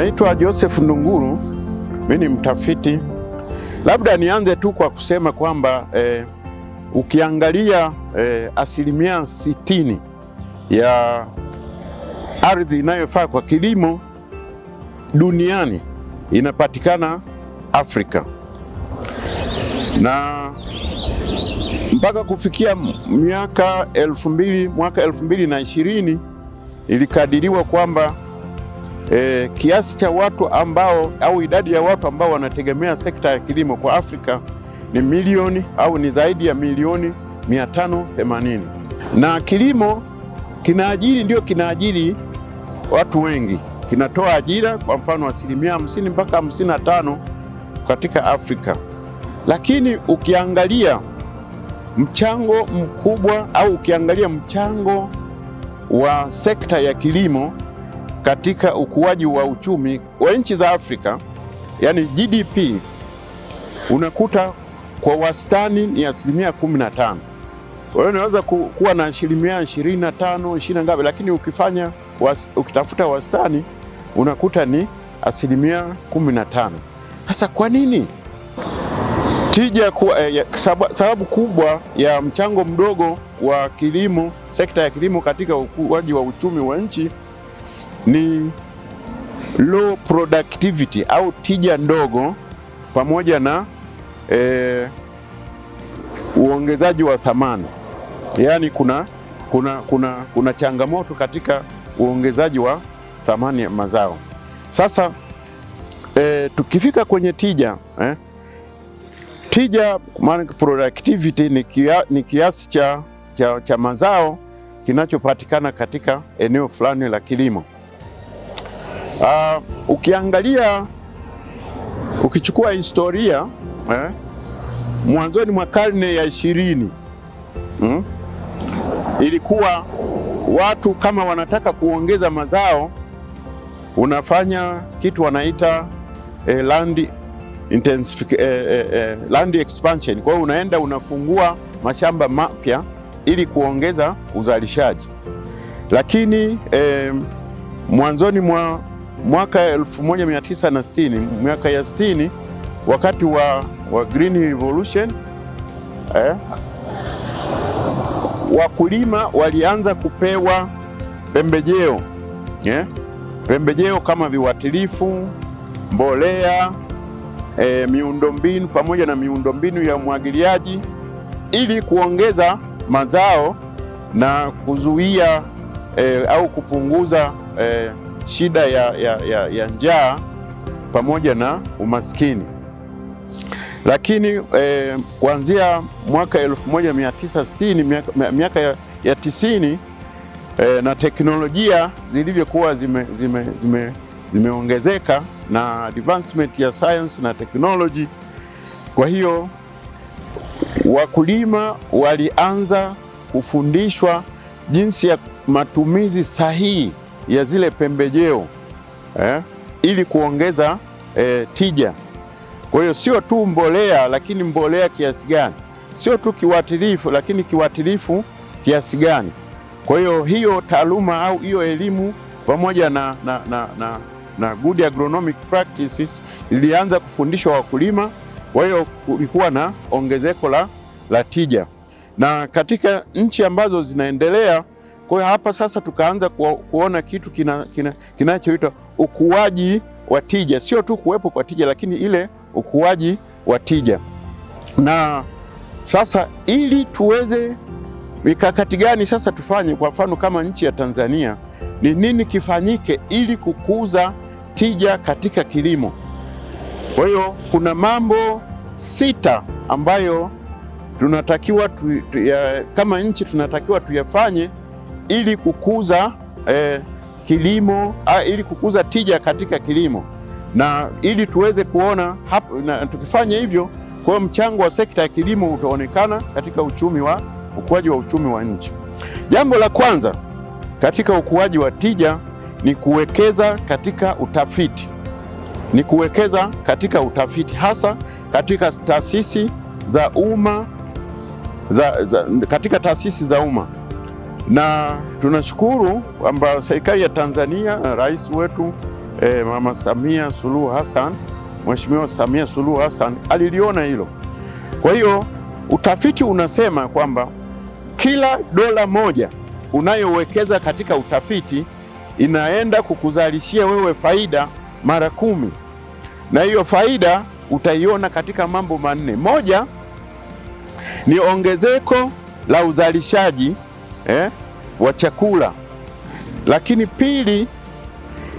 Naitwa Joseph Ndunguru, mimi ni mtafiti. Labda nianze tu kwa kusema kwamba eh, ukiangalia eh, asilimia sitini ya ardhi inayofaa kwa kilimo duniani inapatikana Afrika na mpaka kufikia miaka elfu mbili mwaka elfu mbili na ishirini ilikadiriwa kwamba e, kiasi cha watu ambao au idadi ya watu ambao wanategemea sekta ya kilimo kwa Afrika ni milioni au ni zaidi ya milioni 580 na kilimo kinaajiri, ndio kinaajiri watu wengi, kinatoa ajira kwa mfano asilimia 50 mpaka 55 katika Afrika, lakini ukiangalia mchango mkubwa au ukiangalia mchango wa sekta ya kilimo katika ukuaji wa uchumi wa nchi za Afrika, yani GDP unakuta kwa wastani ni asilimia 15. Kwa hiyo unaweza kuwa na asilimia 25 20 ngapi, lakini ukifanya was, ukitafuta wastani unakuta ni asilimia 15. na Sasa kwa nini tija ku, eh, sababu kubwa ya mchango mdogo wa kilimo, sekta ya kilimo katika ukuaji wa uchumi wa nchi ni low productivity au tija ndogo pamoja na e, uongezaji wa thamani, yaani kuna, kuna, kuna, kuna changamoto katika uongezaji wa thamani ya mazao. Sasa e, tukifika kwenye tija eh, tija maana productivity ni, kia, ni kiasi cha, cha, cha mazao kinachopatikana katika eneo fulani la kilimo. Uh, ukiangalia ukichukua historia eh, mwanzoni mwa karne ya ishirini hmm, ilikuwa watu kama wanataka kuongeza mazao unafanya kitu wanaita eh, land intensific, eh, eh, eh land expansion. Kwa hiyo unaenda unafungua mashamba mapya ili kuongeza uzalishaji, lakini eh, mwanzoni mwa mwaka 1960 miaka ya 60 wakati wa, wa Green Revolution eh, wakulima walianza kupewa pembejeo eh, pembejeo kama viwatilifu mbolea eh, miundombinu pamoja na miundombinu ya umwagiliaji ili kuongeza mazao na kuzuia eh, au kupunguza eh, shida ya, ya, ya, ya njaa pamoja na umaskini. Lakini eh, kuanzia mwaka 1960 miaka, miaka ya, ya tisini eh, na teknolojia zilivyokuwa zimeongezeka zime, zime, zime na advancement ya science na technology, kwa hiyo wakulima walianza kufundishwa jinsi ya matumizi sahihi ya zile pembejeo eh, ili kuongeza eh, tija. Kwa hiyo sio tu mbolea, lakini mbolea kiasi gani, sio tu kiuatilifu, lakini kiuatilifu kiasi gani. Kwa hiyo hiyo taaluma au hiyo elimu pamoja na, na, na, na, na good agronomic practices ilianza kufundishwa wakulima. Kwa hiyo kulikuwa na ongezeko la, la tija, na katika nchi ambazo zinaendelea kwa hiyo hapa sasa tukaanza kuona kitu kinachoitwa kina, kina ukuaji wa tija, sio tu kuwepo kwa tija, lakini ile ukuaji wa tija. Na sasa ili tuweze mikakati gani sasa tufanye, kwa mfano kama nchi ya Tanzania, ni nini kifanyike ili kukuza tija katika kilimo? Kwa hiyo kuna mambo sita ambayo tunatakiwa tu, tu, ya, kama nchi tunatakiwa tuyafanye ili kukuza eh, kilimo ah, ili kukuza tija katika kilimo na ili tuweze kuona hap, na, tukifanya hivyo, kwa mchango wa sekta ya kilimo utaonekana katika uchumi wa ukuaji wa uchumi wa nchi. Jambo la kwanza katika ukuaji wa tija ni kuwekeza katika utafiti, ni kuwekeza katika utafiti hasa katika taasisi za umma za, za, katika taasisi za umma na tunashukuru kwamba serikali ya Tanzania na rais wetu eh, Mama Samia Suluhu Hassan, Mheshimiwa Samia Suluhu Hassan aliliona hilo. Kwa hiyo utafiti unasema kwamba kila dola moja unayowekeza katika utafiti inaenda kukuzalishia wewe faida mara kumi, na hiyo faida utaiona katika mambo manne. Moja ni ongezeko la uzalishaji eh, wa chakula, lakini pili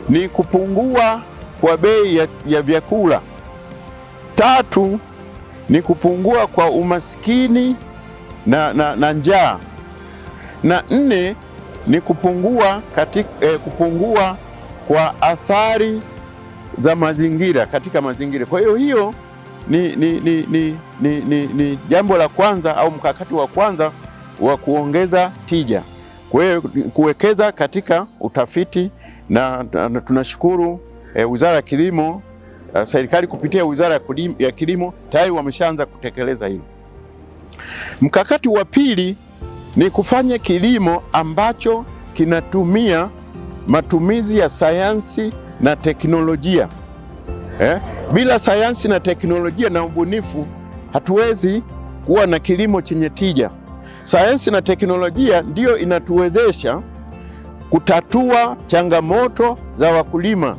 ni kupungua kwa bei ya, ya vyakula. Tatu ni kupungua kwa umaskini na, na, na njaa, na nne ni kupungua, katika, eh, kupungua kwa athari za mazingira katika mazingira. Kwa hiyo hiyo ni, ni, ni, ni, ni, ni, ni jambo la kwanza au mkakati wa kwanza wa kuongeza tija, kuwekeza katika utafiti na, na tunashukuru e, Wizara ya Kilimo uh, serikali kupitia Wizara ya Kilimo tayari wameshaanza kutekeleza hilo. Mkakati wa pili ni kufanya kilimo ambacho kinatumia matumizi ya sayansi na teknolojia eh? Bila sayansi na teknolojia na ubunifu hatuwezi kuwa na kilimo chenye tija. Sayansi na teknolojia ndiyo inatuwezesha kutatua changamoto za wakulima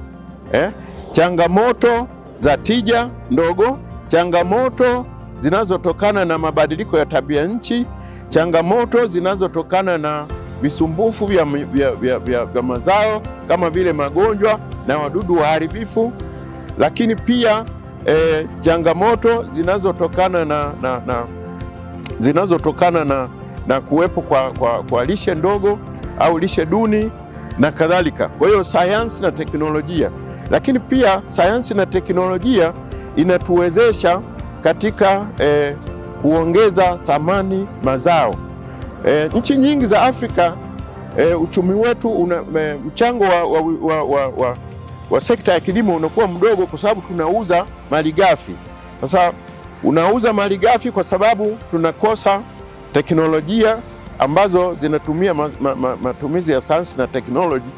eh, changamoto za tija ndogo, changamoto zinazotokana na mabadiliko ya tabia nchi, changamoto zinazotokana na visumbufu vya, vya, vya, vya, vya mazao kama vile magonjwa na wadudu waharibifu, lakini pia eh, changamoto zinazotokana na, na, na zinazotokana na, na kuwepo kwa, kwa, kwa lishe ndogo au lishe duni na kadhalika. Kwa hiyo sayansi na teknolojia, lakini pia sayansi na teknolojia inatuwezesha katika eh, kuongeza thamani mazao. Eh, nchi nyingi za Afrika eh, uchumi wetu una, me, mchango wa, wa, wa, wa, wa, wa sekta ya kilimo unakuwa mdogo kwa sababu tunauza malighafi sasa Unauza mali ghafi kwa sababu tunakosa teknolojia ambazo zinatumia ma, ma, ma, matumizi ya sayansi na teknoloji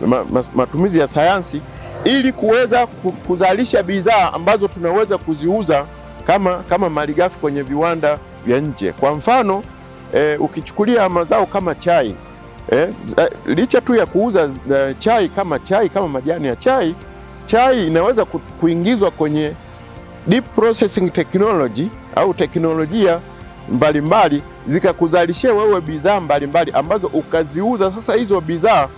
ma, ma, matumizi ya sayansi ili kuweza kuzalisha bidhaa ambazo tunaweza kuziuza kama, kama malighafi kwenye viwanda vya nje. Kwa mfano e, ukichukulia mazao kama chai e, licha tu ya kuuza chai kama chai kama majani ya chai, chai inaweza kuingizwa kwenye deep processing technology au teknolojia mbalimbali zikakuzalishia wewe bidhaa mbalimbali ambazo ukaziuza sasa hizo bidhaa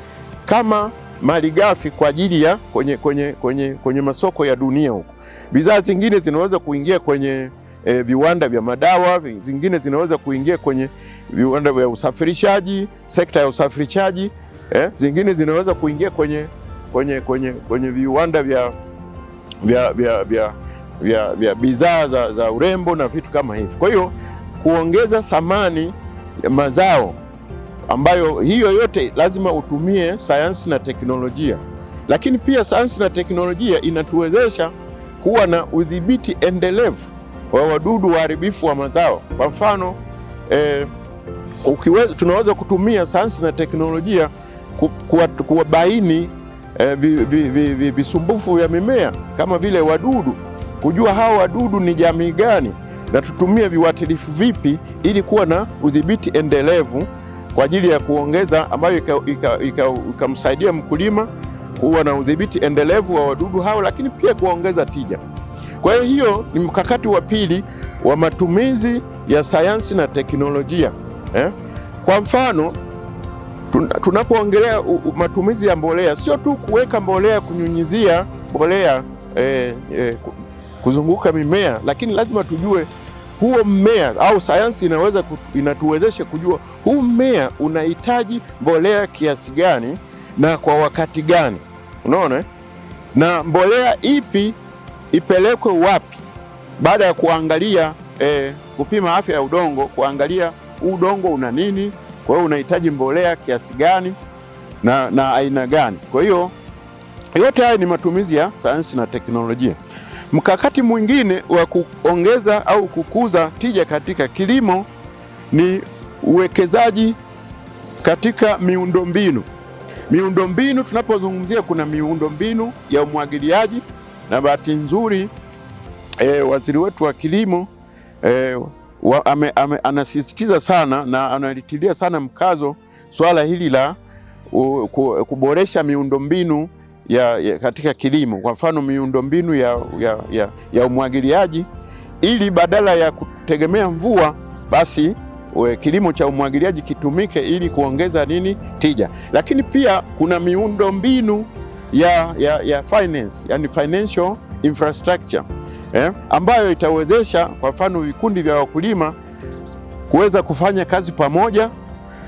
kama malighafi kwa ajili ya kwenye, kwenye, kwenye, kwenye masoko ya dunia huko. Bidhaa zingine zinaweza kuingia kwenye e, viwanda vya madawa, zingine zinaweza kuingia kwenye viwanda vya usafirishaji, sekta ya usafirishaji eh, zingine zinaweza kuingia kwenye, kwenye, kwenye, kwenye viwanda vya, vya, vya, vya vya, vya bidhaa za, za urembo na vitu kama hivi. Kwa hiyo kuongeza thamani ya mazao ambayo hiyo yote lazima utumie sayansi na teknolojia, lakini pia sayansi na teknolojia inatuwezesha kuwa na udhibiti endelevu wa wadudu waharibifu wa mazao. Kwa mfano eh, ukiweza, tunaweza kutumia sayansi na teknolojia ku, kuwabaini eh, visumbufu vi, vi, vi, vya mimea kama vile wadudu kujua hao wadudu ni jamii gani na tutumie viuatilifu vipi ili kuwa na udhibiti endelevu kwa ajili ya kuongeza ambayo ikamsaidia mkulima kuwa na udhibiti endelevu wa wadudu hao, lakini pia kuongeza tija. Kwa hiyo ni mkakati wa pili wa matumizi ya sayansi na teknolojia eh? Kwa mfano tunapoongelea matumizi ya mbolea, sio tu kuweka mbolea, kunyunyizia mbolea eh, eh, kuzunguka mimea, lakini lazima tujue huo mmea au sayansi inaweza kutu, inatuwezesha kujua huu mmea unahitaji mbolea kiasi gani na kwa wakati gani, unaona, eh? na mbolea ipi ipelekwe wapi, baada ya kuangalia eh, kupima afya ya udongo, kuangalia udongo una nini, kwa hiyo unahitaji mbolea kiasi gani na, na aina gani. Kwa hiyo yote haya ni matumizi ya sayansi na teknolojia. Mkakati mwingine wa kuongeza au kukuza tija katika kilimo ni uwekezaji katika miundombinu. Miundombinu tunapozungumzia, kuna miundombinu ya umwagiliaji, na bahati nzuri e, waziri wetu wa kilimo e, wa, ame, ame, anasisitiza sana na analitilia sana mkazo swala hili la u, ku, kuboresha miundombinu ya, ya, katika kilimo, kwa mfano miundombinu ya, ya, ya, ya umwagiliaji, ili badala ya kutegemea mvua basi we, kilimo cha umwagiliaji kitumike ili kuongeza nini tija. Lakini pia kuna miundombinu ya, ya, ya finance, yani financial infrastructure eh, ambayo itawezesha kwa mfano vikundi vya wakulima kuweza kufanya kazi pamoja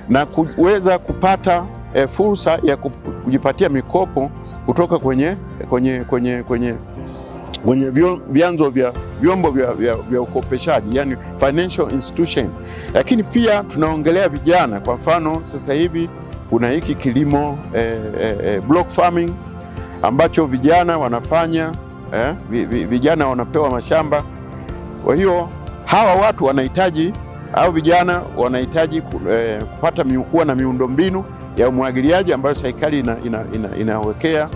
na kuweza kupata eh, fursa ya kujipatia mikopo kutoka kwenye, kwenye, kwenye, kwenye, kwenye vyanzo vya vyombo vya, vya, vya ukopeshaji yani financial institution. Lakini pia tunaongelea vijana, kwa mfano sasa hivi kuna hiki kilimo eh, eh, eh block farming ambacho vijana wanafanya eh, vijana wanapewa mashamba. Kwa hiyo hawa watu wanahitaji au vijana wanahitaji eh, kupata kuwa na miundombinu ya umwagiliaji ambayo serikali inawekea ina, ina, ina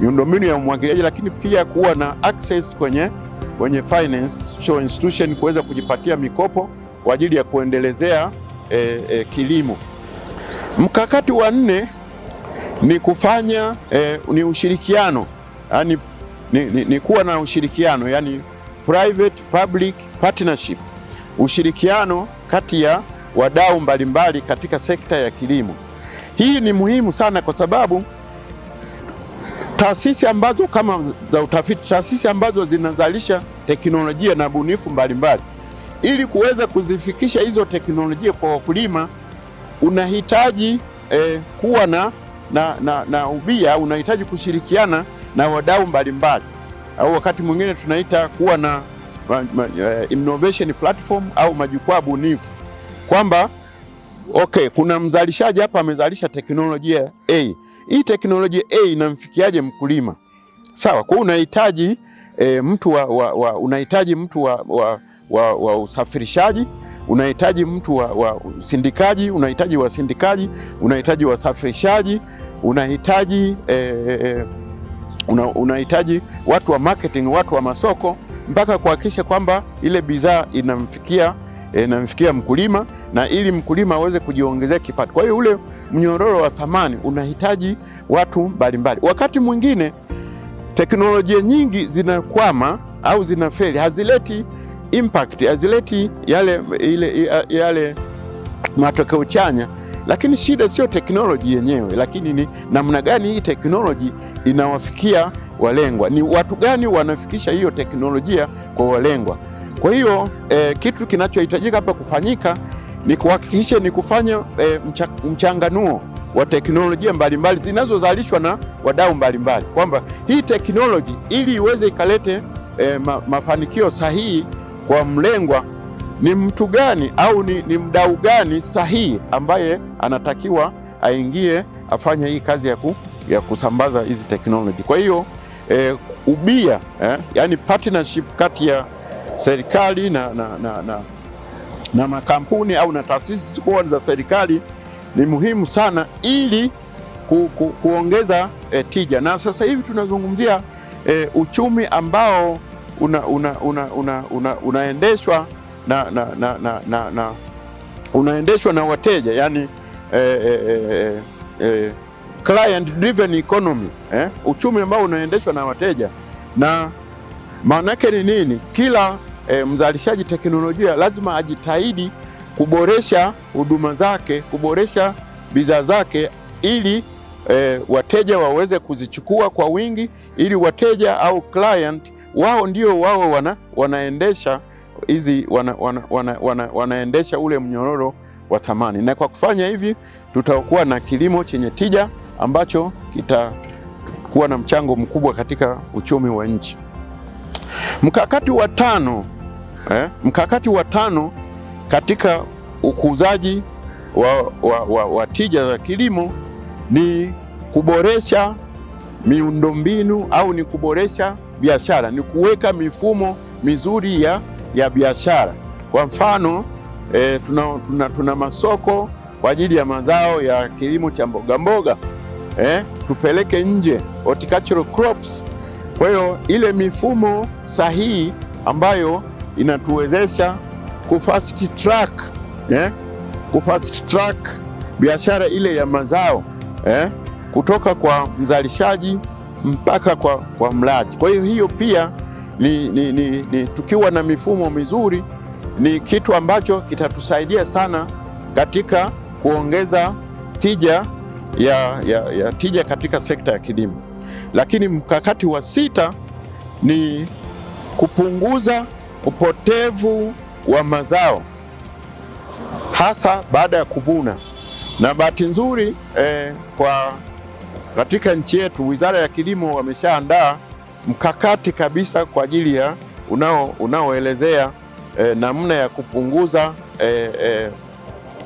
miundombinu ya umwagiliaji, lakini pia kuwa na access kwenye, kwenye financial institution kuweza kujipatia mikopo kwa ajili ya kuendelezea e, e, kilimo. Mkakati wa nne ni kufanya e, ni ushirikiano yani, ni, ni, ni kuwa na ushirikiano yani private public partnership, ushirikiano kati ya wadau mbalimbali katika sekta ya kilimo. Hii ni muhimu sana kwa sababu taasisi ambazo kama za utafiti, taasisi ambazo zinazalisha teknolojia na bunifu mbalimbali, ili kuweza kuzifikisha hizo teknolojia kwa wakulima unahitaji eh, kuwa na, na, na, na ubia, unahitaji kushirikiana na wadau mbalimbali, au wakati mwingine tunaita kuwa na ma, ma, eh, innovation platform au majukwaa bunifu kwamba Okay, kuna mzalishaji hapa amezalisha teknolojia A. Hii teknolojia A inamfikiaje mkulima? Sawa, kwa unahitaji e, mtu wa, wa, wa unahitaji mtu wa, wa, wa, wa usafirishaji, unahitaji mtu wa, wa usindikaji, unahitaji wasindikaji, unahitaji wasafirishaji, unahitaji e, e una, unahitaji watu wa marketing, watu wa masoko mpaka kuhakikisha kwamba ile bidhaa inamfikia e, namfikia mkulima na ili mkulima aweze kujiongezea kipato. Kwa hiyo ule mnyororo wa thamani unahitaji watu mbalimbali. Wakati mwingine teknolojia nyingi zinakwama au zinafeli, hazileti impact, hazileti yale, ile, yale matokeo chanya lakini shida sio teknoloji yenyewe, lakini ni namna gani hii teknoloji inawafikia walengwa, ni watu gani wanafikisha hiyo teknolojia kwa walengwa. Kwa hiyo e, kitu kinachohitajika hapa kufanyika ni kuhakikisha ni kufanya e, mcha, mchanganuo wa teknolojia mbalimbali zinazozalishwa na wadau mbalimbali, kwamba hii teknoloji ili iweze ikalete e, ma, mafanikio sahihi kwa mlengwa ni mtu gani au ni, ni mdau gani sahihi ambaye anatakiwa aingie afanye hii kazi ya, ku, ya kusambaza hizi teknoloji. Kwa hiyo e, ubia eh, yani partnership kati ya serikali na, na, na, na, na makampuni au na taasisi zikuwa za serikali ni muhimu sana ili ku, ku, kuongeza e, tija. Na sasa hivi tunazungumzia e, uchumi ambao unaendeshwa una, una, una, una na, na, na, na, na, na, unaendeshwa na wateja yani e, e, e, client driven economy eh? Uchumi ambao unaendeshwa na wateja na maana yake ni nini? Kila e, mzalishaji teknolojia lazima ajitahidi kuboresha huduma zake, kuboresha bidhaa zake ili e, wateja waweze kuzichukua kwa wingi, ili wateja au client wao ndio wao wana, wanaendesha hizi wana, wana, wana, wana, wanaendesha ule mnyororo wa thamani, na kwa kufanya hivi tutakuwa na kilimo chenye tija ambacho kitakuwa na mchango mkubwa katika uchumi wa nchi. Mkakati wa tano eh, mkakati wa tano katika ukuzaji wa, wa, wa, wa tija za kilimo ni kuboresha miundombinu au ni kuboresha biashara, ni kuweka mifumo mizuri ya, ya biashara. Kwa mfano eh, tuna, tuna, tuna masoko kwa ajili ya mazao ya kilimo cha mboga eh, tupeleke nje horticultural crops kwa hiyo ile mifumo sahihi ambayo inatuwezesha kufast track, eh? kufast track biashara ile ya mazao eh? kutoka kwa mzalishaji mpaka kwa, kwa mlaji. Kwa hiyo hiyo pia ni, ni, ni, ni tukiwa na mifumo mizuri ni kitu ambacho kitatusaidia sana katika kuongeza tija ya, ya, ya tija katika sekta ya kilimo. Lakini mkakati wa sita ni kupunguza upotevu wa mazao hasa baada ya kuvuna. Na bahati nzuri eh, kwa katika nchi yetu Wizara ya Kilimo wameshaandaa mkakati kabisa kwa ajili ya unao unaoelezea eh, namna ya kupunguza eh, eh,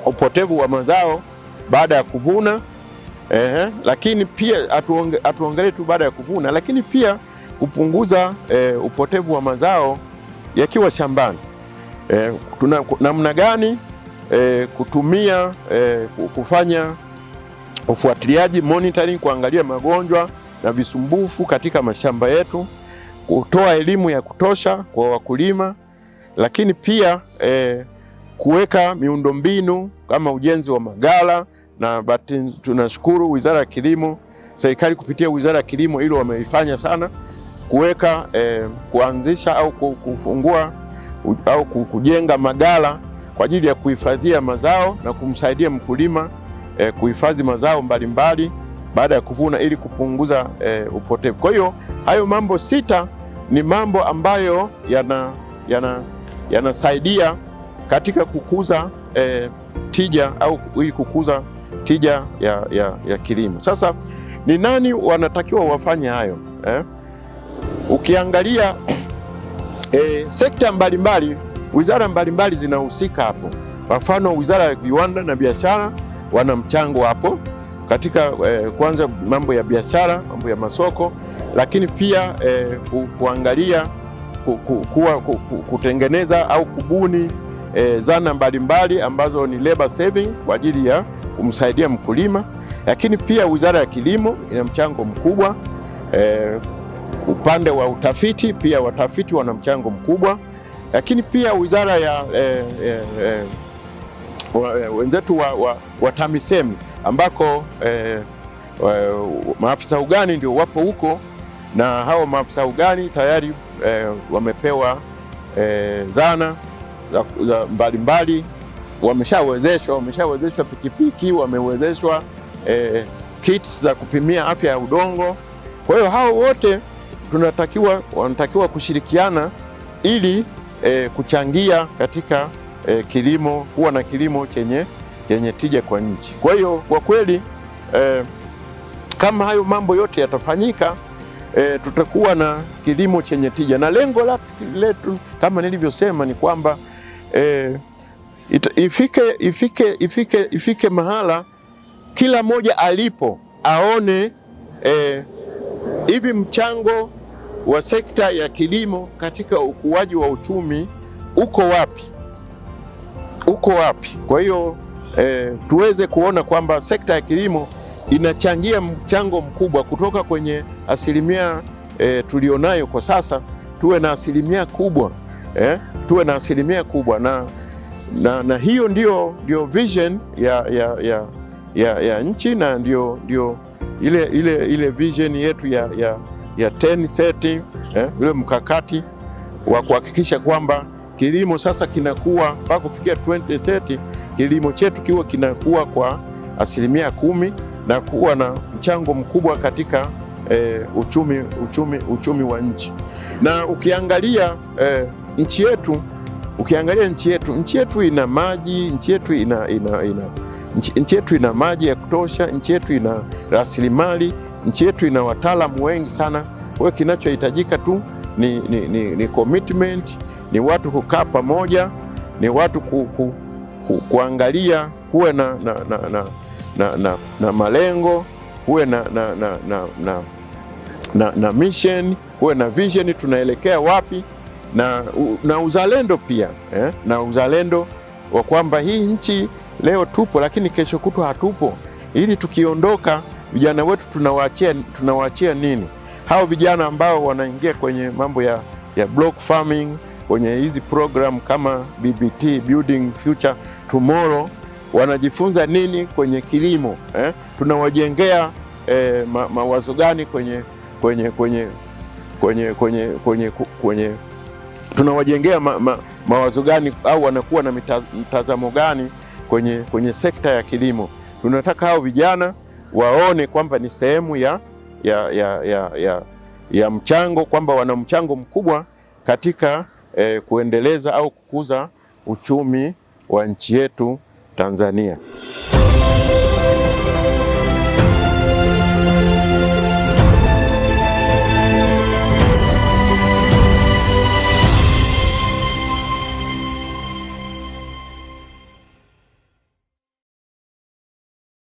upotevu wa mazao baada ya kuvuna. Ehe, lakini pia hatuongelee tu baada ya kuvuna, lakini pia kupunguza e, upotevu wa mazao yakiwa shambani. E, tuna namna gani e, kutumia e, kufanya ufuatiliaji monitoring, kuangalia magonjwa na visumbufu katika mashamba yetu, kutoa elimu ya kutosha kwa wakulima, lakini pia e, kuweka miundombinu kama ujenzi wa magala na bahati, tunashukuru Wizara ya Kilimo, serikali kupitia Wizara ya Kilimo hilo wameifanya sana kuweka eh, kuanzisha au kufungua au kujenga magala kwa ajili ya kuhifadhia mazao na kumsaidia mkulima eh, kuhifadhi mazao mbalimbali baada ya kuvuna ili kupunguza eh, upotevu. Kwa hiyo hayo mambo sita ni mambo ambayo yanasaidia yana, yanasaidia katika kukuza eh, tija au ili kukuza tija ya, ya, ya kilimo. Sasa ni nani wanatakiwa wafanye hayo eh? Ukiangalia eh, sekta mbalimbali, wizara mbalimbali zinahusika hapo. Kwa mfano, wizara ya viwanda na biashara wana mchango hapo katika eh, kwanza mambo ya biashara, mambo ya masoko, lakini pia eh, kuangalia ku, ku, ku, ku, ku, kutengeneza au kubuni eh, zana mbalimbali ambazo ni labor saving kwa ajili ya kumsaidia mkulima, lakini pia Wizara ya Kilimo ina mchango mkubwa eh, upande wa utafiti, pia watafiti wana mchango mkubwa, lakini pia wizara ya eh, eh, eh, eh wenzetu wa, wa, wa TAMISEMI ambako eh, maafisa ugani ndio wapo huko na hao maafisa ugani tayari eh, wamepewa eh, zana za mbalimbali wameshawezeshwa, wameshawezeshwa pikipiki, wamewezeshwa eh, kits za kupimia afya ya udongo. Kwa hiyo hao wote tunatakiwa wanatakiwa kushirikiana ili eh, kuchangia katika eh, kilimo, kuwa na kilimo chenye, chenye tija kwa nchi. Kwa hiyo kwa kweli eh, kama hayo mambo yote yatafanyika E, tutakuwa na kilimo chenye tija, na lengo letu kama nilivyosema ni kwamba e, Ita, ifike, ifike, ifike, ifike mahala kila mmoja alipo aone eh, hivi eh, mchango wa sekta ya kilimo katika ukuaji wa uchumi uko wapi, uko wapi? Kwa hiyo eh, tuweze kuona kwamba sekta ya kilimo inachangia mchango mkubwa kutoka kwenye asilimia eh, tulionayo kwa sasa, tuwe na asilimia kubwa eh, tuwe na asilimia kubwa na na, na hiyo ndio, ndio vision ya, ya, ya, ya, ya nchi na ndio, ndio ile, ile, ile vision yetu ya, ya, ya 1030 eh, ule mkakati wa kuhakikisha kwamba kilimo sasa kinakuwa mpaka kufikia 2030 kilimo chetu kiwe kinakuwa kwa asilimia kumi na kuwa na mchango mkubwa katika eh, uchumi, uchumi, uchumi wa nchi na ukiangalia eh, nchi yetu Ukiangalia nchi yetu, nchi yetu ina maji, nchi yetu ina, ina, ina, nchi yetu ina maji ya kutosha, nchi yetu ina rasilimali, nchi yetu ina wataalamu wengi sana. Kwa hiyo kinachohitajika tu ni, ni, ni, ni commitment, ni watu kukaa pamoja, ni watu ku, ku, ku, kuangalia kuwe na, na, na, na, na, na, na malengo kuwe na, na, na, na, na, na, na mission kuwe na vision, tunaelekea wapi? na, na uzalendo pia eh, na uzalendo wa kwamba hii nchi leo tupo, lakini kesho kutwa hatupo, ili tukiondoka vijana wetu tunawaachia tunawaachia nini? Hao vijana ambao wanaingia kwenye mambo ya, ya block farming kwenye hizi program kama BBT Building Future Tomorrow wanajifunza nini kwenye kilimo eh? tunawajengea eh, mawazo gani kwenye kwenye kwenye kwenye kwenye kwenye, kwenye, kwenye tunawajengea ma, ma, mawazo gani au wanakuwa na mtazamo gani kwenye, kwenye sekta ya kilimo. Tunataka hao vijana waone kwamba ni sehemu ya, ya, ya, ya, ya, ya mchango kwamba wana mchango mkubwa katika eh, kuendeleza au kukuza uchumi wa nchi yetu Tanzania.